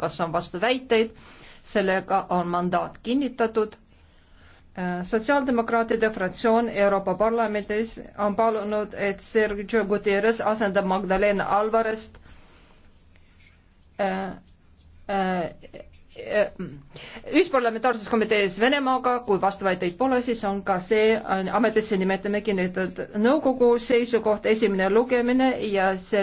kas on vastuväiteid, sellega on mandaat kinnitatud. sotsiaaldemokraatide fraktsioon Euroopa Parlamendis on palunud, et Sergio Gutierrez asendab Magdalena Alvarest äh, äh, äh, ühisparlamentaarses komitees Venemaaga, kui vastuväiteid pole, siis on ka see ametisse nimetame kinnitatud nõukogu seisukoht, esimene lugemine ja selle